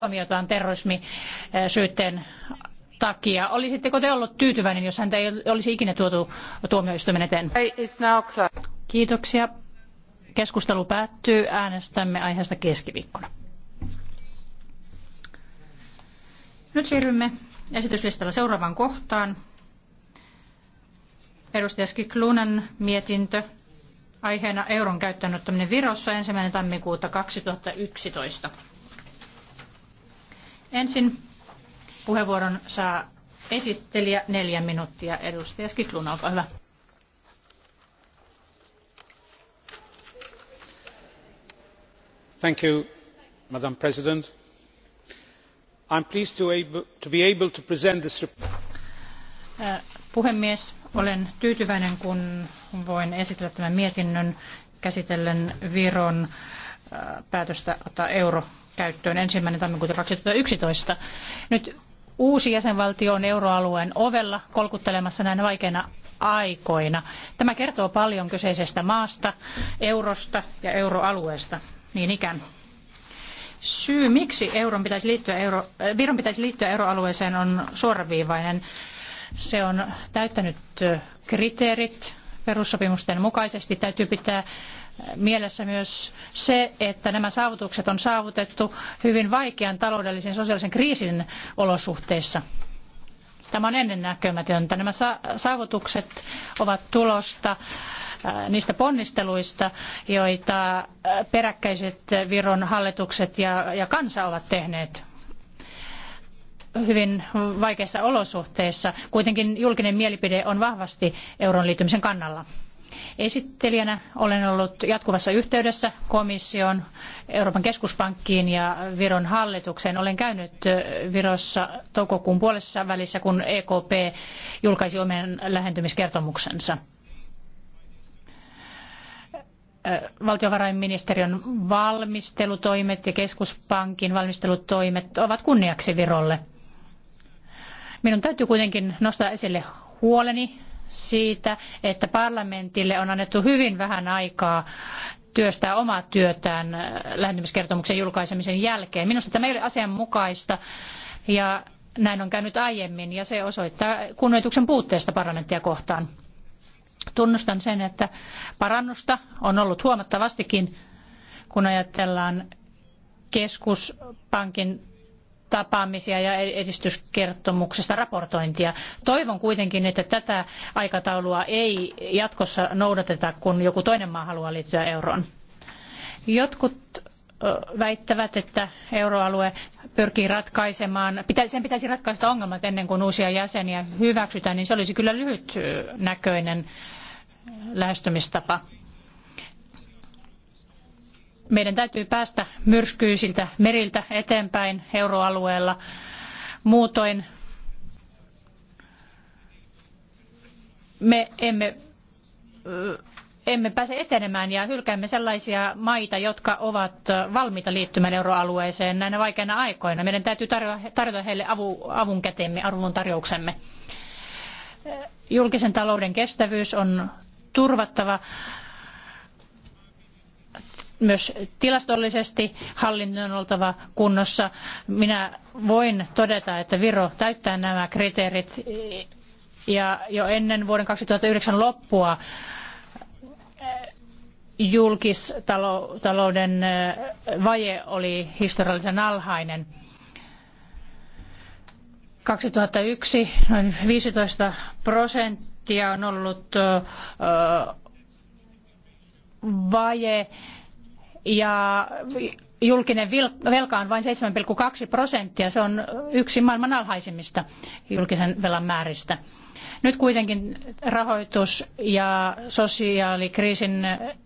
tuomiotaan terrorismisyytteen eh, takia. Olisitteko te ollut tyytyväinen, jos häntä ei olisi ikinä tuotu tuomioistuimen eteen? Kiitoksia. Keskustelu päättyy. Äänestämme aiheesta keskiviikkona. Nyt siirrymme esityslistalla seuraavaan kohtaan. Edustaja Skiklunan mietintö. Aiheena euron käyttöönottaminen Virossa ensimmäinen tammikuuta 2011. Ensin puheenvuoron saa esittelijä neljä minuuttia. Edustaja Skikluna, olkaa hyvä. Thank you, Madam President. I'm pleased to, able, to be able to present this report. Puhemies, olen tyytyväinen, kun voin esitellä tämän mietinnön käsitellen Viron päätöstä ottaa euro käyttöön ensimmäinen tammikuuta 2011. Nyt uusi jäsenvaltio on euroalueen ovella kolkuttelemassa näinä vaikeina aikoina. Tämä kertoo paljon kyseisestä maasta, eurosta ja euroalueesta, niin ikään. Syy, miksi euron pitäisi liittyä euro, äh, Viron pitäisi liittyä euroalueeseen, on suoraviivainen. Se on täyttänyt äh, kriteerit perussopimusten mukaisesti. Täytyy pitää mielessä myös se, että nämä saavutukset on saavutettu hyvin vaikean taloudellisen ja sosiaalisen kriisin olosuhteissa. Tämä on ennennäkemätöntä. Nämä saavutukset ovat tulosta äh, niistä ponnisteluista, joita äh, peräkkäiset Viron hallitukset ja kansa ovat tehneet hyvin vaikeissa olosuhteissa. Kuitenkin julkinen mielipide on vahvasti euron liittymisen kannalla. Esittelijänä olen ollut jatkuvassa yhteydessä komission, Euroopan keskuspankkiin ja Viron hallitukseen. Olen käynyt Virossa toukokuun puolessa välissä, kun EKP julkaisi oman lähentymiskertomuksensa. Valtiovarainministeriön valmistelutoimet ja keskuspankin valmistelutoimet ovat kunniaksi Virolle. Minun täytyy kuitenkin nostaa esille huoleni siitä, että parlamentille on annettu hyvin vähän aikaa työstää omaa työtään lähentymiskertomuksen julkaisemisen jälkeen. Minusta tämä ei ole asianmukaista ja näin on käynyt aiemmin ja se osoittaa kunnioituksen puutteesta parlamenttia kohtaan. Tunnustan sen, että parannusta on ollut huomattavastikin, kun ajatellaan keskuspankin tapaamisia ja edistyskertomuksesta raportointia. Toivon kuitenkin, että tätä aikataulua ei jatkossa noudateta, kun joku toinen maa haluaa liittyä euroon. Jotkut väittävät, että euroalue pyrkii ratkaisemaan, sen pitäisi ratkaista ongelmat ennen kuin uusia jäseniä hyväksytään, niin se olisi kyllä lyhytnäköinen lähestymistapa. Meidän täytyy päästä myrskyisiltä meriltä eteenpäin euroalueella. Muutoin me emme, emme pääse etenemään ja hylkäämme sellaisia maita, jotka ovat valmiita liittymään euroalueeseen näinä vaikeina aikoina. Meidän täytyy tarjota heille avu, avun kätemme, arvon tarjouksemme. Julkisen talouden kestävyys on turvattava myös tilastollisesti hallinnon on oltava kunnossa. Minä voin todeta, että Viro täyttää nämä kriteerit ja jo ennen vuoden 2009 loppua eh, julkistalouden eh, vaje oli historiallisen alhainen. 2001 noin 15 prosenttia on ollut eh, vaje ja julkinen velka on vain 7,2 prosenttia. Se on yksi maailman alhaisimmista julkisen velan määristä. Nyt kuitenkin rahoitus- ja sosiaalikriisin eh,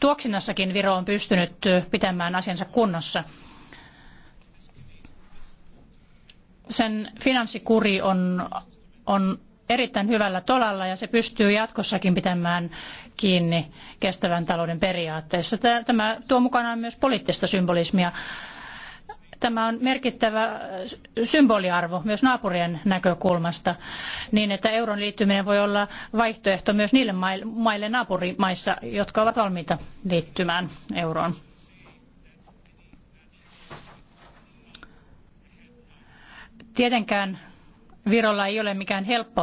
tuoksinnassakin Viro on pystynyt eh, pitämään asiansa kunnossa. Sen finanssikuri on, on erittäin hyvällä tolalla ja se pystyy jatkossakin pitämään kiinni kestävän talouden periaatteessa. Tämä tuo mukanaan myös poliittista symbolismia. Tämä on merkittävä symboliarvo myös naapurien näkökulmasta, niin että euron liittyminen voi olla vaihtoehto myös niille maille naapurimaissa, jotka ovat valmiita liittymään euroon. Tietenkään Virolla ei ole mikään helppo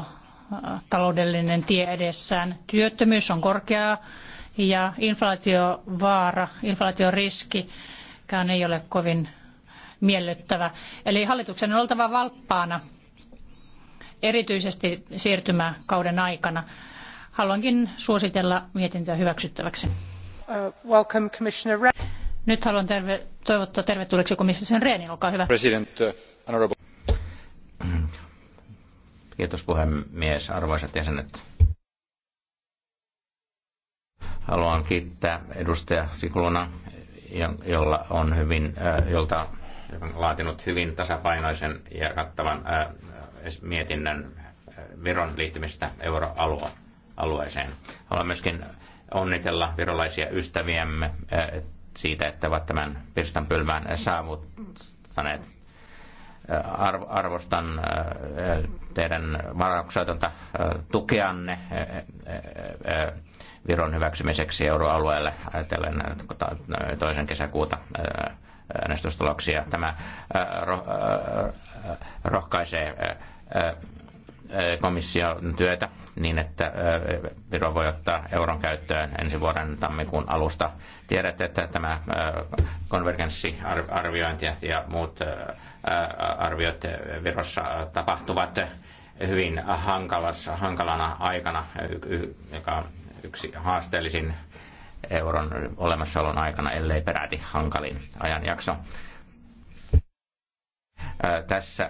äh, taloudellinen tie edessään. Työttömyys on korkea ja inflaatiovaara, inflaatioriski ei ole kovin miellyttävä. Eli hallituksen on oltava valppaana, erityisesti siirtymäkauden aikana. Haluankin suositella mietintöä hyväksyttäväksi. Uh, welcome, Commissioner Nyt haluan terve- toivottaa tervetulleeksi komission Rehnin, olkaa hyvä. President, uh, honorable. Kiitos puhemies, arvoisat jäsenet. Haluan kiittää edustaja Sikulona, jolla on hyvin, äh, jolta on laatinut hyvin tasapainoisen ja kattavan äh, mietinnän äh, Viron liittymistä euroalueeseen. Haluan myöskin onnitella virolaisia ystäviämme siitä, että ovat tämän pirstan pylvään saavuttaneet arvostan äh, teidän varauksetonta äh, tukeanne äh, Viron hyväksymiseksi euroalueelle ajatellen tota, toisen kesäkuuta äänestystuloksia. Tämä rohkaisee Äh, komission työtä niin, että äh, Viro voi ottaa euron käyttöön ensi vuoden tammikuun alusta. Tiedätte, että tämä äh, konvergenssiarviointi ja muut arviot Virossa tapahtuvat hyvin hankalassa, hankalana aikana, joka on yksi haasteellisin euron olemassaolon aikana, ellei peräti hankalin ajanjakso tässä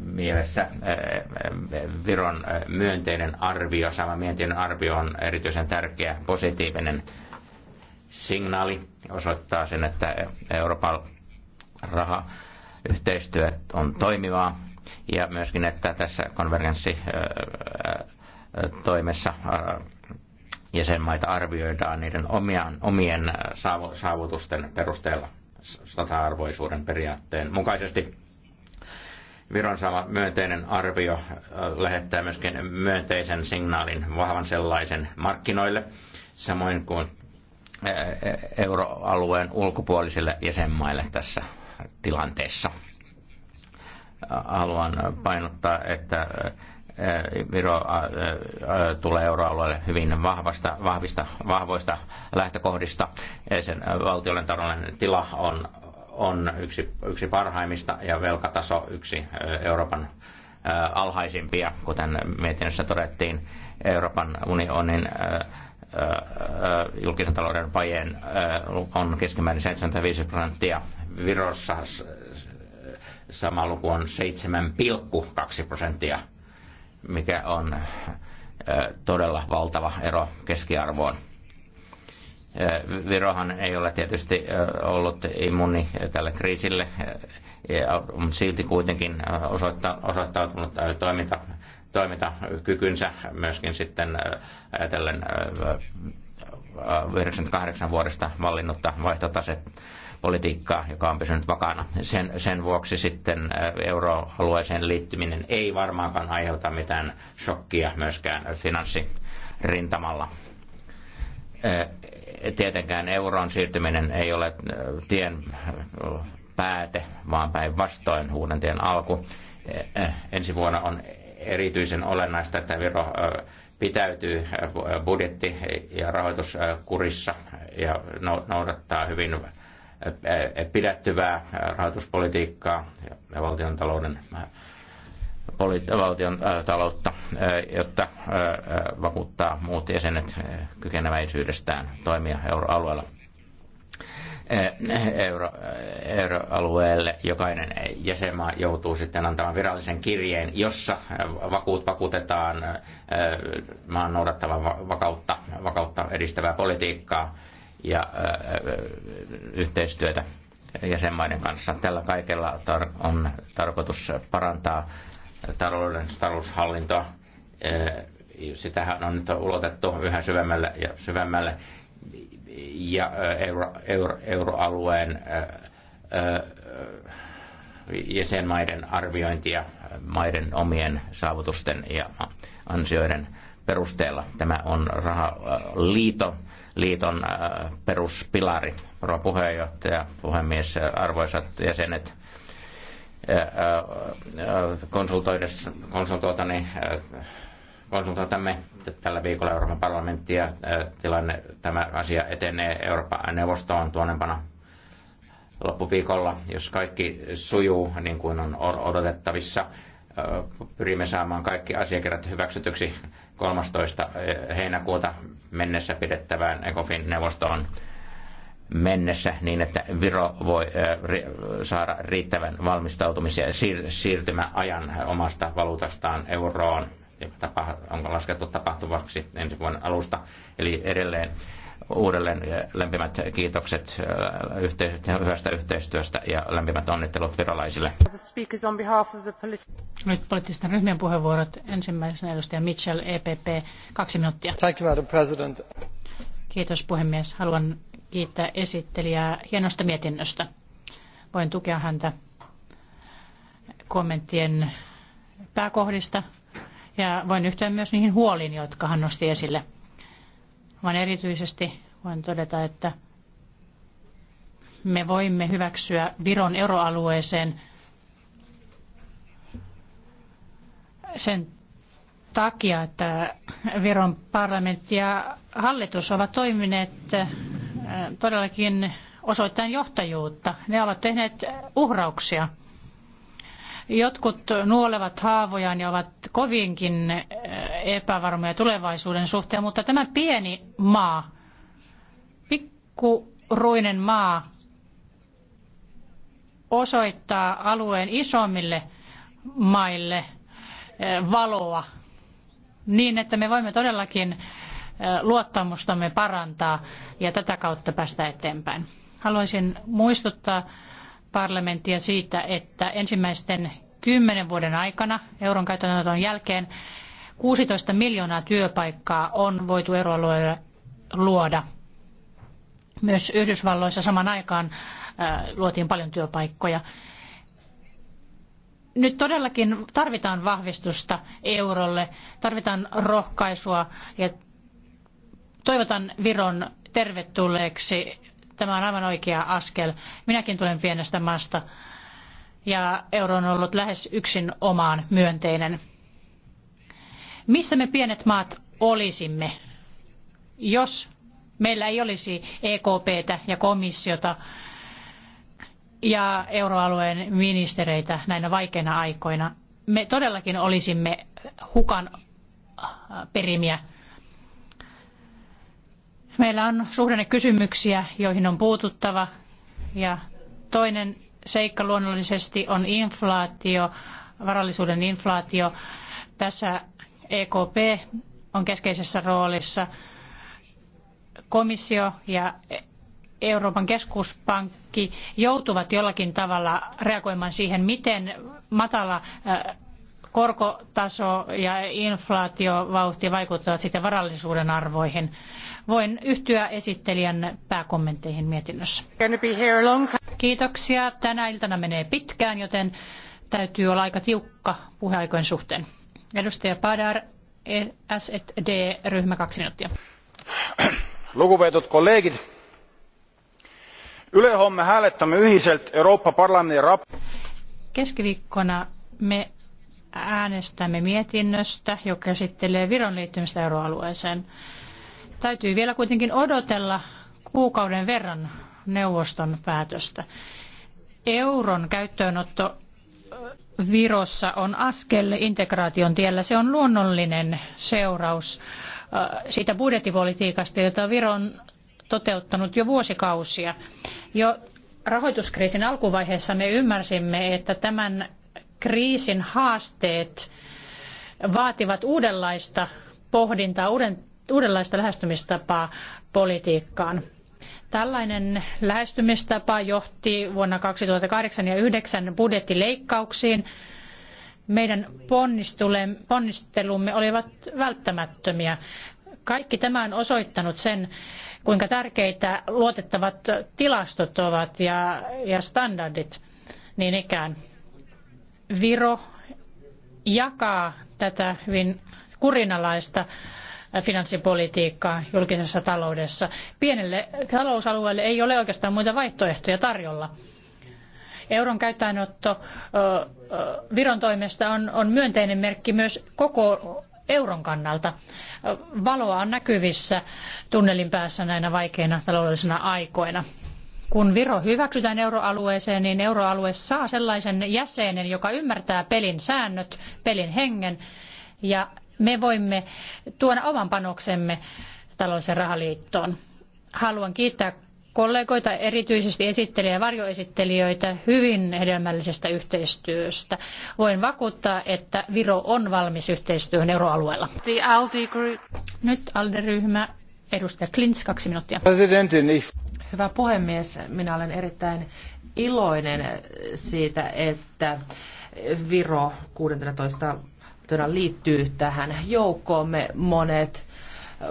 mielessä Viron myönteinen arvio, sama myönteinen arvio on erityisen tärkeä, positiivinen signaali osoittaa sen, että Euroopan raha yhteistyö on toimivaa ja myöskin, että tässä konvergenssitoimessa jäsenmaita arvioidaan niiden omien, omien saavutusten perusteella sata arvoisuuden periaatteen mukaisesti Viron saama myönteinen arvio äh, lähettää myöskin myönteisen signaalin, vahvan sellaisen markkinoille, samoin kuin äh, e-, euroalueen ulkopuolisille jäsenmaille tässä tilanteessa. Haluan painottaa, että äh, Viro tulee euroalueelle hyvin vahvasta, vahvista, vahvoista lähtökohdista. Sen valtiollinen talouden tila on on yksi, yksi parhaimmista ja velkataso yksi Euroopan alhaisimpia, kuten mietinnössä todettiin, Euroopan unionin julkisen talouden vajeen on keskimäärin 75 prosenttia. Virossa sama luku on 7,2 prosenttia, mikä on todella valtava ero keskiarvoon. Virohan ei ole tietysti ollut immuuni tälle kriisille, mutta silti kuitenkin osoittautunut toiminta, toimintakykynsä myöskin sitten ajatellen 98 vuodesta vallinnutta vaihtotaset politiikkaa, joka on pysynyt vakana. Sen, sen vuoksi sitten euroalueeseen liittyminen ei varmaankaan aiheuta mitään shokkia myöskään finanssirintamalla tietenkään euron siirtyminen ei ole äh, tien äh, pääte, vaan päinvastoin uuden tien alku. Äh, ensi vuonna on erityisen olennaista, että Viro pitäytyy budjetti- ja rahoituskurissa ja no-, noudattaa hyvin pidättyvää rahoituspolitiikkaa ja valtiontalouden valtion taloutta, jotta vakuuttaa muut jäsenet kykeneväisyydestään toimia euroalueella. Euro, euroalueelle jokainen jäsenmaa joutuu sitten antamaan virallisen kirjeen, jossa vakuut vakuutetaan maan noudattavan vakautta, vakautta edistävää politiikkaa ja yhteistyötä jäsenmaiden kanssa. Tällä kaikella tar- on tarkoitus parantaa talouden, taloushallintoa. Eh, sitähän on nyt ulotettu yhä syvemmälle ja syvemmälle ja eh, euro, euro, euroalueen eh, jäsenmaiden arviointia maiden omien saavutusten ja ansioiden perusteella. Tämä on rahaliito, liiton peruspilari. Rouva puheenjohtaja, puhemies, arvoisat jäsenet, Äh, äh, Konsultoidessamme äh, konsultoitamme tällä viikolla Euroopan parlamenttia. Tilanne, tämä asia etenee Euroopan neuvostoon tuonempana loppuviikolla, jos kaikki sujuu niin kuin on odotettavissa. Pyrimme saamaan kaikki asiakirjat hyväksytyksi 13. heinäkuuta mennessä pidettävään ECOFIN-neuvostoon mennessä niin, että Viro voi saada riittävän valmistautumisen ja siirtymäajan omasta valuutastaan euroon, joka tapa- on laskettu tapahtuvaksi ensi vuoden alusta. Eli edelleen uudelleen lämpimät kiitokset hyvästä yhteistyöstä ja lämpimät onnittelut virolaisille. Nyt poliittisten ryhmien puheenvuorot. Ensimmäisenä edustaja Mitchell, EPP, kaksi minuuttia. Thank you, Madam President. Kiitos puhemies. Haluan kiittää esittelijää hienosta mietinnöstä. Voin tukea häntä kommenttien pääkohdista ja voin yhtyä myös niihin huoliin, jotka hän nosti esille. Vaan erityisesti voin todeta, että me voimme hyväksyä Viron euroalueeseen sen takia, että Viron parlamentti ja hallitus ovat toimineet todellakin osoittain johtajuutta. Ne ovat tehneet uhrauksia. Jotkut nuolevat haavojaan ja ovat kovinkin epävarmoja tulevaisuuden suhteen, mutta tämä pieni maa, pikkuruinen maa, osoittaa alueen isommille maille valoa niin, että me voimme todellakin luottamustamme parantaa ja tätä kautta päästä eteenpäin. Haluaisin muistuttaa parlamenttia siitä, että ensimmäisten kymmenen vuoden aikana euron käyttöönoton jälkeen 16 miljoonaa työpaikkaa on voitu euroalueelle luoda. Myös Yhdysvalloissa saman aikaan luotiin paljon työpaikkoja. Nyt todellakin tarvitaan vahvistusta eurolle, tarvitaan rohkaisua ja Toivotan Viron tervetulleeksi. Tämä on aivan oikea askel. Minäkin tulen pienestä maasta ja euro on ollut lähes yksin omaan myönteinen. Missä me pienet maat olisimme, jos meillä ei olisi EKPtä ja komissiota ja euroalueen ministereitä näinä vaikeina aikoina? Me todellakin olisimme hukan perimiä Meillä on suhdannekysymyksiä, joihin on puututtava. Ja toinen seikka luonnollisesti on inflaatio, varallisuuden inflaatio. Tässä EKP on keskeisessä roolissa. Komissio ja Euroopan keskuspankki joutuvat jollakin tavalla reagoimaan siihen, miten matala korkotaso ja inflaatiovauhti vaikuttavat sitten varallisuuden arvoihin. Voin yhtyä esittelijän pääkommentteihin mietinnössä. Kiitoksia. Tänä iltana menee pitkään, joten täytyy olla aika tiukka puheaikojen suhteen. Edustaja Padar, SD, ryhmä kaksi minuuttia. Lugupeetud kolleegid, ülehomme hääletame ühiselt Euroopa Parlamendi rap- Keskiviikkona me äänestämme mietinnöstä, joka käsittelee Viron liittymistä euroalueeseen. Täytyy vielä kuitenkin odotella kuukauden verran neuvoston päätöstä. Euron käyttöönotto Virossa on askel integraation tiellä. Se on luonnollinen seuraus siitä budjettipolitiikasta, jota Viro on toteuttanut jo vuosikausia. Jo rahoituskriisin alkuvaiheessa me ymmärsimme, että tämän kriisin haasteet vaativat uudenlaista pohdintaa, uuden uudenlaista lähestymistapaa politiikkaan. Tällainen lähestymistapa johti vuonna 2008 ja 2009 budjettileikkauksiin. Meidän ponnistelumme olivat välttämättömiä. Kaikki tämä on osoittanut sen, kuinka tärkeitä luotettavat tilastot ovat ja, ja standardit niin ikään. Viro jakaa tätä hyvin kurinalaista finanssipolitiikkaa julkisessa taloudessa. Pienelle talousalueelle ei ole oikeastaan muita vaihtoehtoja tarjolla. Euron käyttöönotto Viron toimesta on myönteinen merkki myös koko euron kannalta. Valoa on näkyvissä tunnelin päässä näinä vaikeina taloudellisina aikoina. Kun Viro hyväksytään euroalueeseen, niin euroalue saa sellaisen jäsenen, joka ymmärtää pelin säännöt, pelin hengen ja me voimme tuoda oman panoksemme talous- ja rahaliittoon. Haluan kiittää kollegoita, erityisesti esittelijä ja varjoesittelijöitä hyvin hedelmällisestä yhteistyöstä. Voin vakuuttaa, että Viro on valmis yhteistyöhön euroalueella. Nyt ALDE-ryhmä, edustaja Klins, kaksi minuuttia. Hyvä puhemies, minä olen erittäin iloinen siitä, että Viro 16 todella liittyy tähän joukkoomme. Monet äh,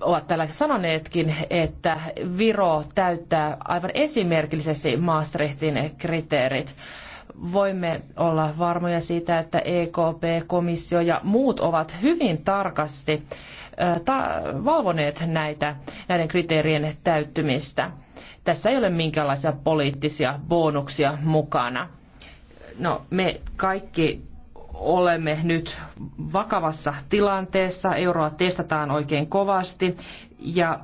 ovat täällä sanoneetkin, että Viro täyttää aivan esimerkillisesti Maastrichtin kriteerit. Voimme olla varmoja siitä, että EKP, komissio ja muut ovat hyvin tarkasti äh, valvoneet näitä, näiden kriteerien täyttymistä. Tässä ei ole minkäänlaisia poliittisia bonuksia mukana. No, me kaikki olemme nyt vakavassa tilanteessa, euroa testataan oikein kovasti ja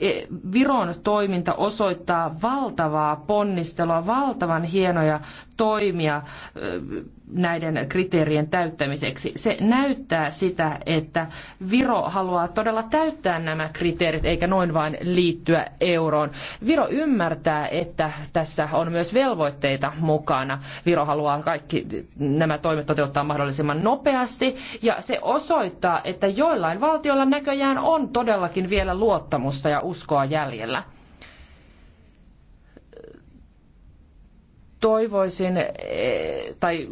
eh, e, Viron toiminta osoittaa valtavaa ponnistelua, valtavan hienoja toimia näiden kriteerien täyttämiseksi. Se näyttää sitä, että Viro haluaa todella täyttää nämä kriteerit eikä noin vain liittyä euroon. Viro ymmärtää, että tässä on myös velvoitteita mukana. Viro haluaa kaikki nämä toimet toteuttaa mahdollisimman nopeasti ja se osoittaa, että joillain valtioilla näköjään on todellakin vielä luottamusta ja uskoa jäljellä. toivoisin eh, tai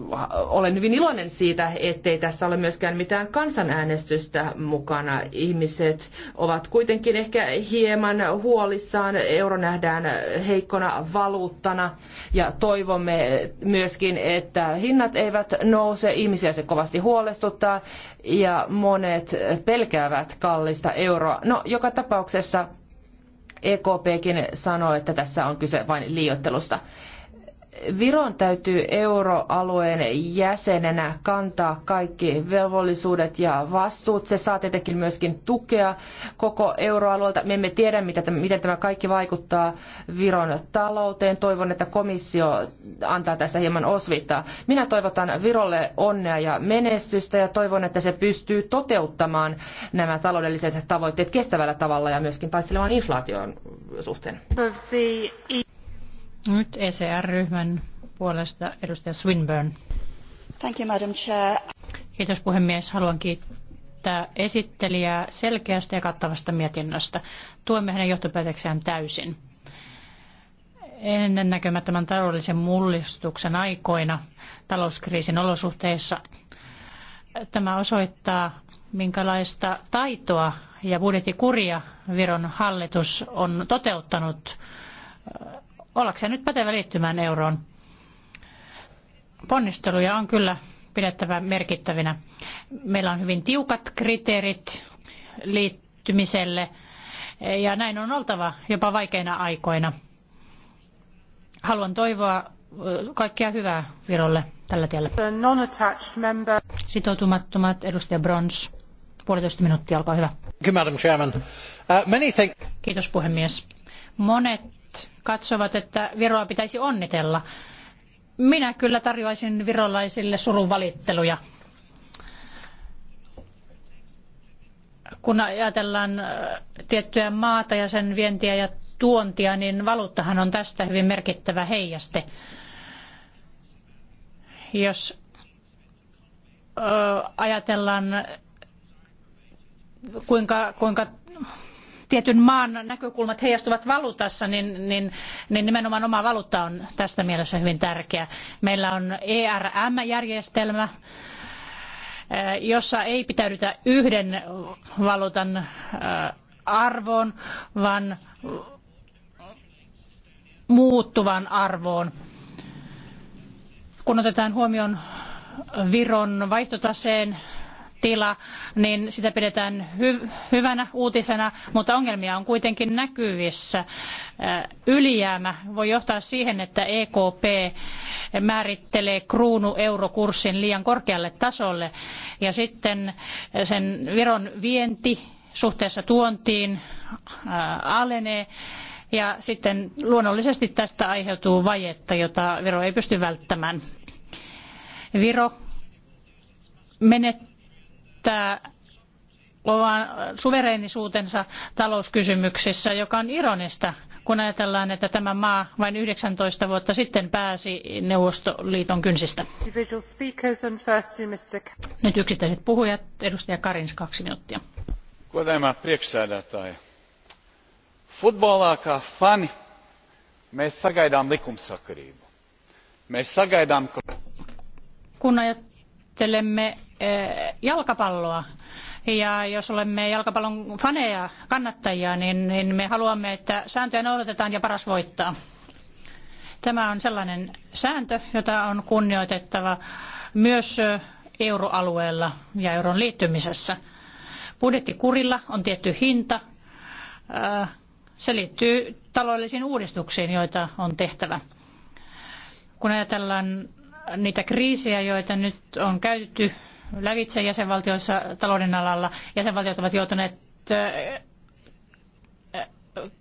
olen hyvin iloinen siitä, ettei tässä ole myöskään mitään kansanäänestystä mukana. Ihmiset ovat kuitenkin ehkä hieman huolissaan. Euro nähdään heikkona valuuttana ja toivomme myöskin, että hinnat eivät nouse. Ihmisiä se kovasti huolestuttaa ja monet pelkäävät kallista euroa. No, joka tapauksessa EKPkin sanoo, että tässä on kyse vain liiottelusta. Viron täytyy euroalueen jäsenenä kantaa kaikki velvollisuudet ja vastuut. Se saa tietenkin myöskin tukea koko euroalueelta. Me emme tiedä, miten tämä kaikki vaikuttaa Viron talouteen. Toivon, että komissio antaa tässä hieman osvittaa. Minä toivotan Virolle onnea ja menestystä ja toivon, että se pystyy toteuttamaan nämä taloudelliset tavoitteet kestävällä tavalla ja myöskin taistelemaan inflaation suhteen. Nyt ECR-ryhmän puolesta edustaja Swinburne. Thank you, Madam Chair. Kiitos puhemies. Haluan kiittää esittelijää selkeästä ja kattavasta mietinnöstä. Tuemme hänen johtopäätöksiään täysin. Ennennäkemättömän taloudellisen mullistuksen aikoina talouskriisin olosuhteissa tämä osoittaa, minkälaista taitoa ja budjettikuria Viron hallitus on toteuttanut ollakseen nyt pätevä liittymään euroon. Ponnisteluja on kyllä pidettävä merkittävinä. Meillä on hyvin tiukat kriteerit liittymiselle ja näin on oltava jopa vaikeina aikoina. Haluan toivoa kaikkia hyvää Virolle tällä tiellä. Sitoutumattomat, edustaja Brons. Puolitoista minuuttia, alkaa hyvä. Uh, Kiitos puhemies. Monet katsovat, että Viroa pitäisi onnitella. Minä kyllä tarjoaisin virolaisille surun valitteluja. Kun ajatellaan äh, tiettyä maata ja sen vientiä ja tuontia, niin valuuttahan on tästä hyvin merkittävä heijaste. Jos ajatellaan kuinka, kuinka tietyn maan näkökulmat heijastuvat valuutassa, niin, niin, niin nimenomaan oma valuutta on tästä mielessä hyvin tärkeä. Meillä on ERM-järjestelmä, eh, jossa ei pitäydytä yhden valuutan eh, arvoon, vaan muuttuvan arvoon. Kun otetaan huomioon Viron vaihtotaseen tila, niin sitä pidetään hy- hyvänä uutisena, mutta ongelmia on kuitenkin näkyvissä. Ylijäämä voi johtaa siihen, että EKP määrittelee kruunu-eurokurssin liian korkealle tasolle ja sitten sen Viron vienti suhteessa tuontiin alenee ja sitten luonnollisesti tästä aiheutuu vajetta, jota Viro ei pysty välttämään. Viro menettää käyttää oman suvereenisuutensa talouskysymyksissä, joka on ironista, kun ajatellaan, että tämä maa vain 19 vuotta sitten pääsi Neuvostoliiton kynsistä. Nyt yksittäiset puhujat. Edustaja Karins, kaksi minuuttia. Godājumā priekšsēdētāji, futbolā kā fani mēs sagaidām likumsakarību. Mēs sagaidām, ka... Kun ajattelemme Eh, jalkapalloa. Ja jos olemme jalkapallon faneja, kannattajia, niin, niin me haluamme, että sääntöjä noudatetaan ja paras voittaa. Tämä on sellainen sääntö, jota on kunnioitettava myös eh, euroalueella ja euron liittymisessä. Budjettikurilla on tietty hinta. Eh, se liittyy taloudellisiin uudistuksiin, joita on tehtävä. Kun ajatellaan niitä kriisejä, joita nyt on käyty lävitse jäsenvaltioissa talouden alalla. Jäsenvaltiot ovat joutuneet äh, äh,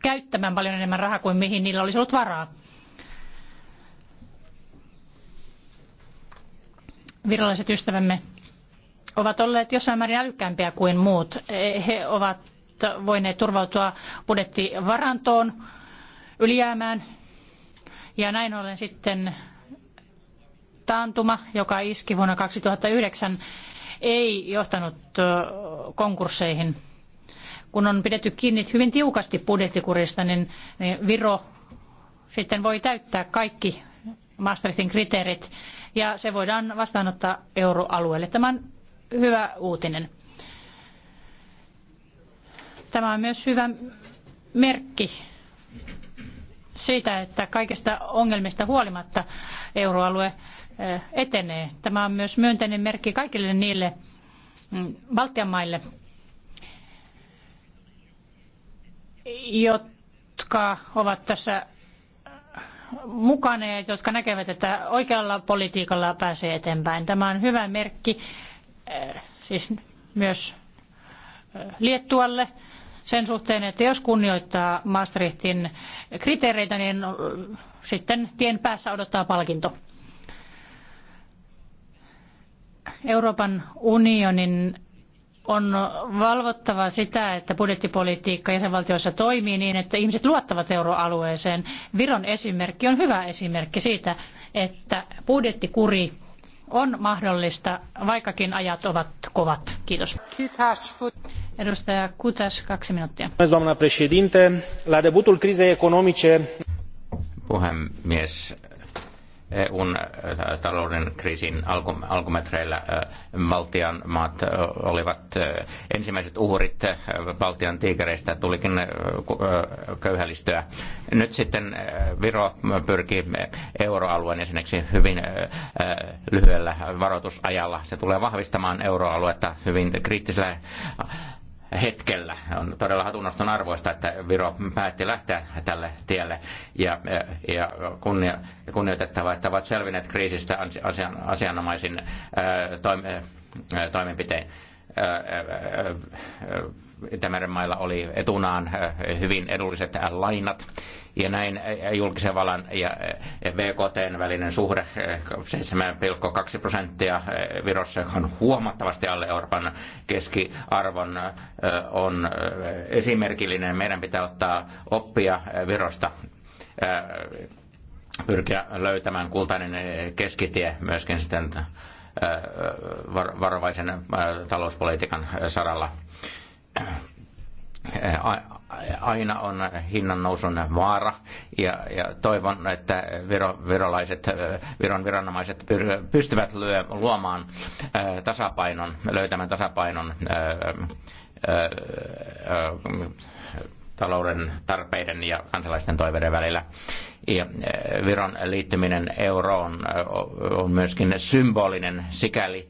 käyttämään paljon enemmän rahaa kuin mihin niillä olisi ollut varaa. Viralliset ystävämme ovat olleet jossain määrin älykkäämpiä kuin muut. He ovat voineet turvautua budjettivarantoon, ylijäämään, ja näin ollen sitten taantuma, joka iski vuonna 2009, ei johtanut konkursseihin. Kun on pidetty kiinni hyvin tiukasti budjettikurista, niin, niin Viro sitten voi täyttää kaikki Maastrichtin kriteerit ja se voidaan vastaanottaa euroalueelle. Tämä on hyvä uutinen. Tämä on myös hyvä merkki siitä, että kaikista ongelmista huolimatta euroalue etenee. Tämä on myös myönteinen merkki kaikille niille mm, Baltian maille, jotka ovat tässä mukana ja jotka näkevät, että oikealla politiikalla pääsee eteenpäin. Tämä on hyvä merkki siis myös Liettualle sen suhteen, että jos kunnioittaa Maastrichtin kriteereitä, niin sitten tien päässä odottaa palkinto. Euroopan unionin on valvottava sitä, että budjettipolitiikka jäsenvaltioissa toimii niin, että ihmiset luottavat euroalueeseen. Viron esimerkki on hyvä esimerkki siitä, että budjettikuri on mahdollista, vaikkakin ajat ovat kovat. Kiitos. Edustaja Kutas, kaksi minuuttia. Puhemies, EUn äh, talouden kriisin alkumetreillä äh, Baltian maat äh, olivat ensimmäiset uhrit Baltian tiikereistä, tulikin köyhälistöä. Nyt sitten Viro pyrkii euroalueen esimerkiksi hyvin lyhyellä varoitusajalla. Se tulee vahvistamaan euroaluetta hyvin kriittisellä hetkellä. On todella hatunnoston arvoista, että Viro päätti lähteä tälle tielle ja, ja kunnia, kunnioitettava, että ovat selvinneet kriisistä asian, asianomaisin ää, toimenpitein. Itämeren mailla oli etunaan hyvin edulliset lainat ja näin julkisen vallan ja BKTn välinen suhde 7,2 prosenttia Virossa, joka on huomattavasti alle Euroopan keskiarvon, on esimerkillinen. Meidän pitää ottaa oppia Virosta pyrkiä löytämään kultainen keskitie myöskin sitten varovaisen talouspolitiikan saralla aina on hinnan nousun vaara ja, ja toivon, että viro, virolaiset, viron viranomaiset pystyvät lyö, luomaan tasapainon, löytämään tasapainon talouden tarpeiden ja kansalaisten toiveiden välillä. Ja Viron liittyminen euroon on myöskin symbolinen sikäli,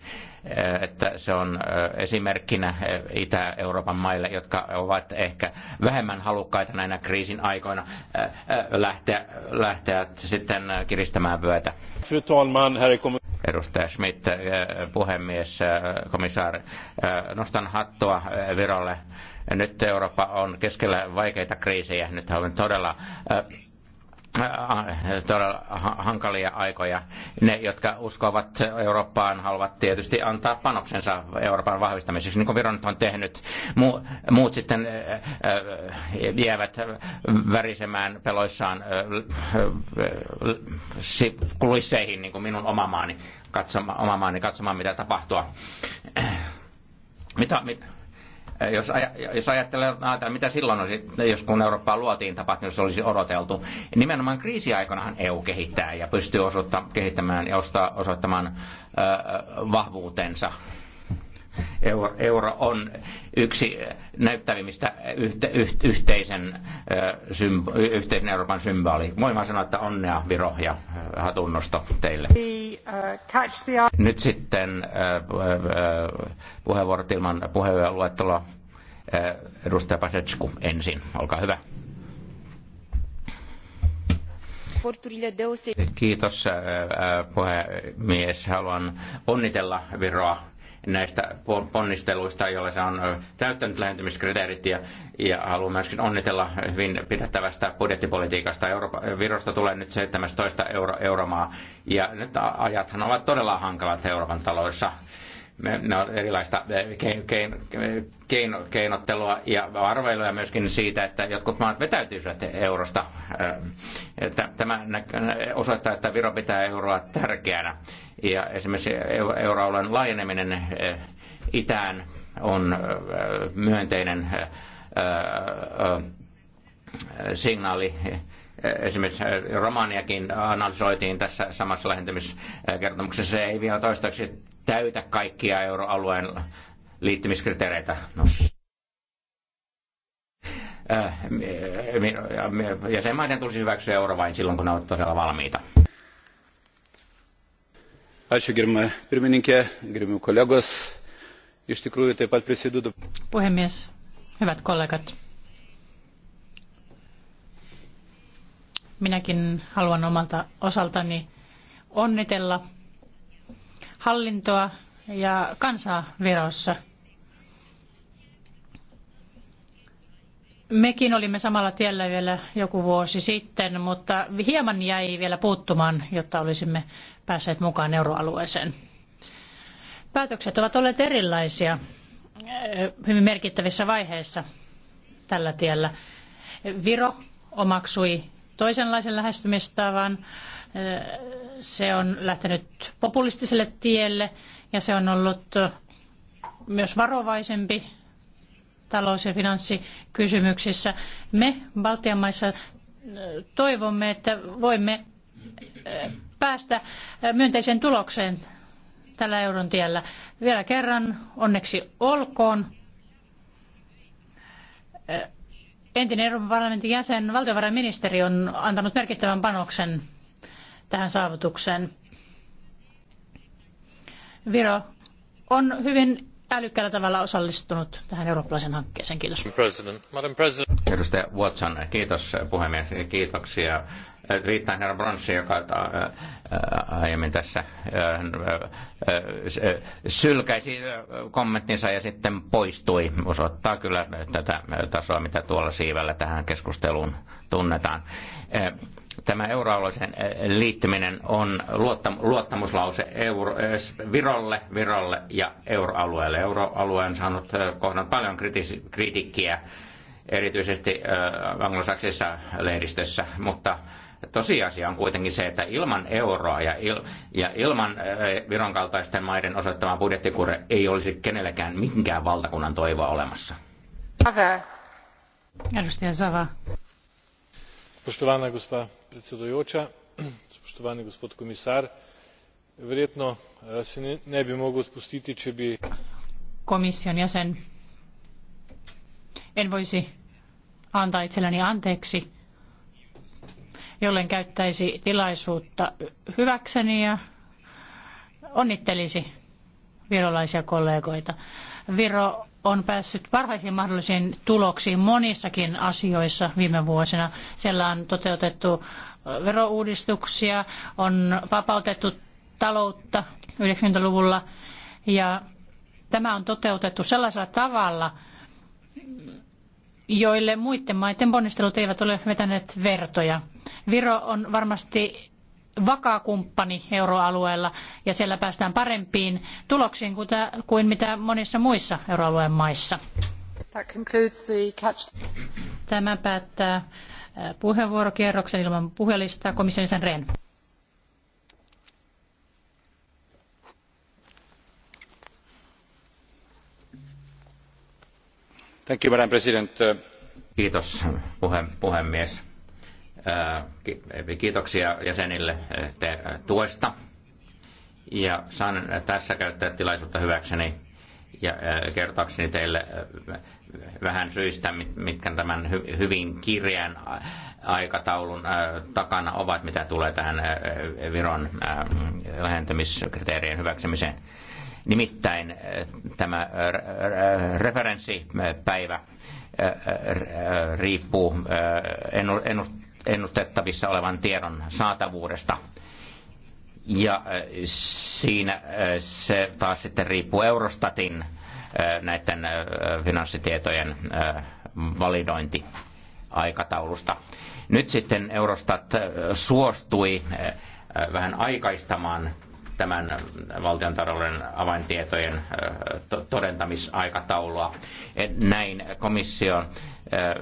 Eh, että se on eh, esimerkkinä eh, Itä-Euroopan maille, jotka ovat ehkä vähemmän halukkaita näinä kriisin aikoina lähteä, lähteä sitten kiristämään vyötä. Edustaja Schmidt, puhemies, komissaari, nostan hattua Virolle nyt Eurooppa on keskellä vaikeita kriisejä. Nyt on todella Äh, todella hankalia aikoja. Ne, jotka uskovat Eurooppaan, haluavat tietysti antaa panoksensa Euroopan vahvistamiseksi, niin kuin Viro on tehnyt. Muut sitten äh, äh, jäävät värisemään peloissaan kulisseihin, niin kuin minun oma maani, katsomaan, oma maani katsomaan mitä tapahtuu. Mitä, mitä, jos, jos ajatellaan, mitä silloin olisi, jos kun Eurooppaa luotiin tapahtunut, jos niin olisi odoteltu. Nimenomaan kriisiaikanahan EU kehittää ja pystyy osoittamaan, kehittämään ja ostaa, osoittamaan ö, vahvuutensa Euro, euro on yksi näyttävimmistä yhte, yht, yhteisen, symbo, yhteisen Euroopan symboli. Voin vaan sanoa, että onnea, Viro ja hatunnosto teille. Uh, Nyt sitten puheenvuorot ilman puheenvuoron luettelua. Edustaja Pasetsku ensin, olkaa hyvä. Kiitos puhemies. Haluan onnitella Viroa näistä ponnisteluista, joilla se on täyttänyt lähentymiskriteerit ja, ja haluan myöskin onnitella hyvin pidettävästä budjettipolitiikasta. Eurooppa, Virosta tulee nyt 17 euro, euromaa ja nyt ajathan ovat todella hankalat Euroopan taloudessa on erilaista eh, keino, keinottelua ja arvailuja myöskin siitä, että jotkut maat vetäytyisivät eurosta. Eh, tämä osoittaa, että Viro pitää euroa tärkeänä. Ja esimerkiksi euroalueen laajeneminen eh, itään on myönteinen signaali esimerkiksi Romaniakin analysoitiin tässä samassa lähentymiskertomuksessa. Se ei vielä toistaiseksi täytä kaikkia euroalueen liittymiskriteereitä. No. Äh, jäsenmaiden tulisi hyväksyä euro vain silloin, kun ne ovat todella valmiita. Ačiū, gerbiama pirmininkė, gerbiami kolegos. Iš tikrųjų, taip pat prisidedu. Puhemies, hyvät kollegat. Minäkin haluan omalta osaltani onnitella hallintoa ja kansaa Virossa. Mekin olimme samalla tiellä vielä joku vuosi sitten, mutta hieman jäi vielä puuttumaan, jotta olisimme päässeet mukaan euroalueeseen. Päätökset ovat olleet erilaisia eh, hyvin merkittävissä vaiheissa tällä tiellä. Viro omaksui toisenlaisen lähestymistavan. Eh, se on lähtenyt populistiselle tielle ja se on ollut myös varovaisempi talous- ja finanssikysymyksissä. Me Baltian maissa toivomme, että voimme päästä myönteiseen tulokseen tällä euron tiellä. Vielä kerran onneksi olkoon. Entinen Euroopan parlamentin jäsen, valtiovarainministeri, on antanut merkittävän panoksen tähän saavutukseen. Viro on hyvin älykkäällä tavalla osallistunut tähän eurooppalaisen hankkeeseen. Kiitos. President. Madam President. Edustaja Watson, kiitos puhemies. Kiitoksia viittaan äh, herra Bronssi, joka äh, äh, aiemmin tässä sylkäisi kommenttinsa ja sitten poistui. Osoittaa kyllä tätä tasoa, mitä tuolla siivellä tähän keskusteluun tunnetaan. Tämä euroalueeseen liittyminen on luottamuslause euro, Virolle, Virolle ja euroalueelle. Euroalue on saanut kohdan paljon kritiikkiä erityisesti anglosaksissa lehdistössä, mutta tosiasia on kuitenkin se, että ilman euroa ja, il, ja ilman Viron kaltaisten maiden osoittamaa budjettikurre ei olisi kenellekään minkään valtakunnan toivoa olemassa. Sava. Edustaja Sava. Poštovana gospa predsedujoča, poštovani gospod komisar, verjetno e, se ne, ne bi mogu spustiti, če bi... Komission jäsen, en voisi antaa itselleni anteeksi, jollen käyttäisi tilaisuutta hyväkseni ja onnittelisi virolaisia kollegoita. Viro on päässyt parhaisiin mahdollisiin tuloksiin monissakin asioissa viime vuosina. Siellä on toteutettu verouudistuksia, on vapautettu taloutta 90-luvulla ja tämä on toteutettu sellaisella tavalla, joille muiden maiden ponnistelut eivät ole vetäneet vertoja. Viro on varmasti vakaa kumppani euroalueella ja siellä päästään parempiin tuloksiin kuin mitä monissa muissa euroalueen maissa. Tämä päättää puheenvuorokierroksen ilman puhujalistaa komission jäsen Rehn. madam president kiitos puhemies. Äh, kiitoksia jäsenille äh, äh, tuesta. Ja saan tässä käyttää tilaisuutta hyväkseni ja kertoakseni teille vähän syistä, mitkä tämän hyvin kireän aikataulun äh, takana ovat, mitä tulee tähän äh, äh, Viron lähentymiskriteerien hyväksymiseen. Nimittäin tämä referenssipäivä riippuu ennustettavissa olevan tiedon saatavuudesta. Ja siinä se taas sitten riippuu Eurostatin näiden finanssitietojen validointiaikataulusta. aikataulusta nyt sitten Eurostat äh, suostui äh, äh, vähän aikaistamaan tämän valtiontalouden avaintietojen todentamisaikataulua. Näin komissio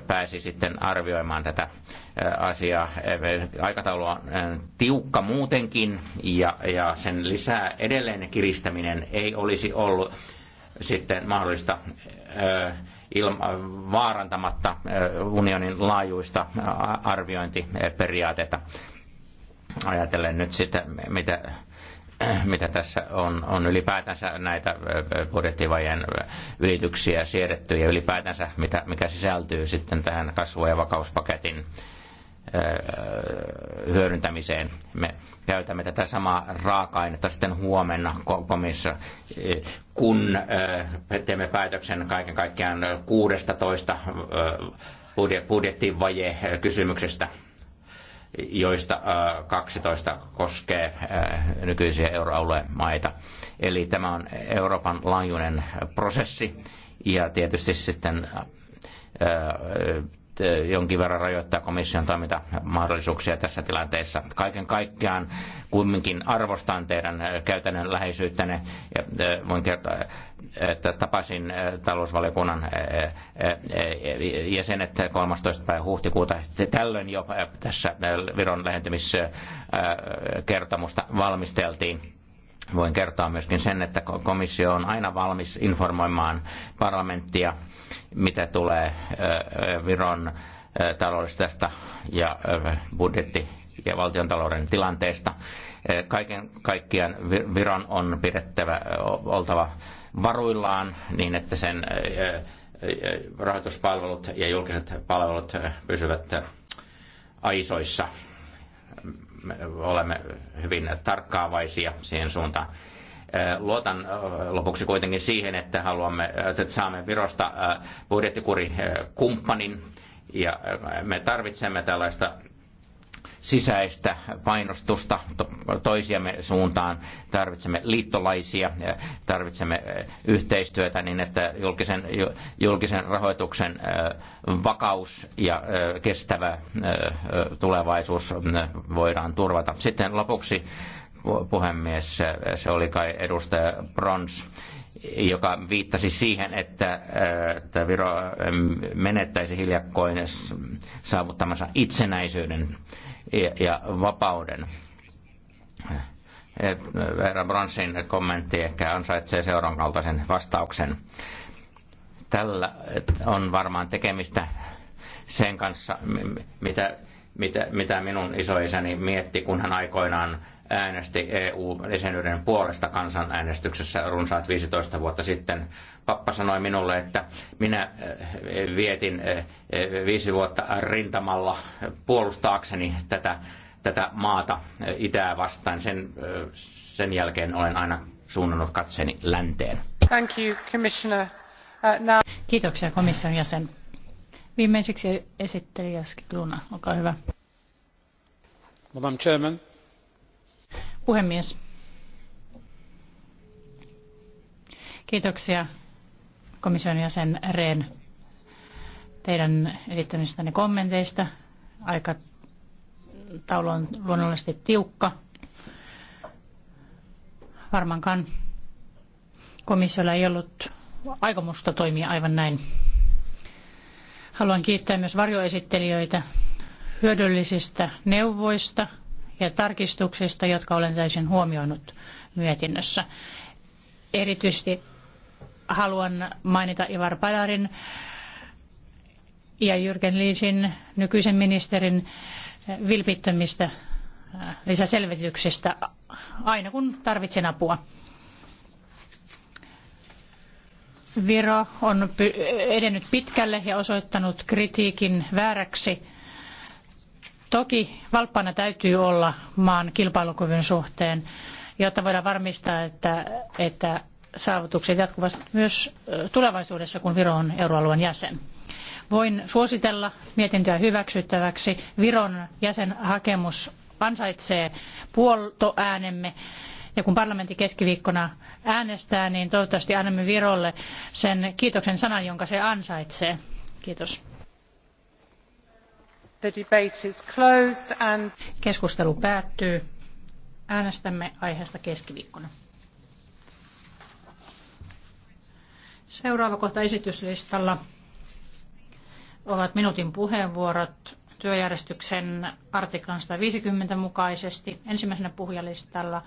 pääsi sitten arvioimaan tätä asiaa. Aikataulu on tiukka muutenkin ja, ja sen lisää edelleen kiristäminen ei olisi ollut sitten mahdollista ilma, vaarantamatta äh, unionin laajuista äh, arviointiperiaatetta. Ajatellen nyt sitä, mitä, äh, mitä tässä on, on ylipäätänsä näitä budjettivajien ylityksiä siedetty ja ylipäätänsä mitä, mikä sisältyy sitten tähän kasvu- ja vakauspaketin hyödyntämiseen. Me käytämme tätä samaa raaka-ainetta sitten huomenna kompomissa, e, kun teemme päätöksen kaiken kaikkiaan 16 budjettivaje kysymyksestä joista 12 koskee nykyisiä euroalueen maita. Eli tämä on Euroopan laajuinen prosessi ja tietysti sitten Eh, jonkin verran rajoittaa komission toimintamahdollisuuksia tässä tilanteessa. Kaiken kaikkiaan kumminkin arvostan teidän eh, käytännön läheisyyttäne ja eh, voin kertoa, että tapasin talousvaliokunnan jäsenet 13. päivä huhtikuuta. Tällöin jo tässä Viron lähentymiskertomusta valmisteltiin voin kertoa myöskin sen, että komissio on aina valmis informoimaan parlamenttia mitä tulee Viron taloudellisesta ja budjetti- ja valtiontalouden tilanteesta. Kaiken kaikkiaan Viron on pidettävä, oltava varuillaan niin, että sen rahoituspalvelut ja julkiset palvelut pysyvät aisoissa. Me olemme hyvin tarkkaavaisia siihen suuntaan. Luotan lopuksi kuitenkin siihen, että, haluamme, että saamme Virosta budjettikurikumppanin ja me tarvitsemme tällaista sisäistä painostusta toisiamme suuntaan. Tarvitsemme liittolaisia, tarvitsemme yhteistyötä niin, että julkisen, julkisen rahoituksen vakaus ja kestävä tulevaisuus voidaan turvata. Sitten lopuksi puhemies. Se oli kai edustaja Brons, joka viittasi siihen, että, että Viro menettäisi hiljakkoin saavuttamansa itsenäisyyden ja, vapauden. Vera Bronsin kommentti ehkä ansaitsee seuran kaltaisen vastauksen. Tällä on varmaan tekemistä sen kanssa, mitä, mitä, mitä minun isoisäni mietti, kun hän aikoinaan äänesti EU-jäsenyyden puolesta kansanäänestyksessä runsaat 15 vuotta sitten. Pappa sanoi minulle, että minä eh, vietin eh, viisi vuotta rintamalla puolustaakseni tätä, tätä maata eh, itää vastaan. Sen, sen jälkeen olen aina suunnannut katseeni länteen. Thank you, Commissioner. Uh, now... Kiitoksia komission jäsen. Viimeiseksi esittelijä Luna, olkaa hyvä. Madam Chairman, Puhemies. Kiitoksia komission jäsen Rehn teidän esittämistänne kommenteista. Aikataulu on luonnollisesti tiukka. Varmaankaan komissiolla ei ollut aikomusta toimia aivan näin. Haluan kiittää myös varjoesittelijöitä hyödyllisistä neuvoista – ja tarkistuksista, jotka olen täysin huomioinut mietinnössä. Erityisesti haluan mainita Ivar Palarin ja Jürgen Liisin nykyisen ministerin vilpittömistä äh, lisäselvityksistä aina kun tarvitsen apua. Viro on edennyt pitkälle ja osoittanut kritiikin vääräksi Toki valppana täytyy olla maan kilpailukyvyn suhteen, jotta voidaan varmistaa, että, että saavutukset jatkuvat myös tulevaisuudessa, kun Viro on euroalueen jäsen. Voin suositella mietintöä hyväksyttäväksi. Viron jäsenhakemus ansaitsee puoltoäänemme. Ja kun parlamentti keskiviikkona äänestää, niin toivottavasti annamme Virolle sen kiitoksen sanan, jonka se ansaitsee. Kiitos. Keskustelu päättyy. Äänestämme aiheesta keskiviikkona. Seuraava kohta esityslistalla ovat minuutin puheenvuorot työjärjestyksen artiklan 150 mukaisesti. Ensimmäisenä puhujalistalla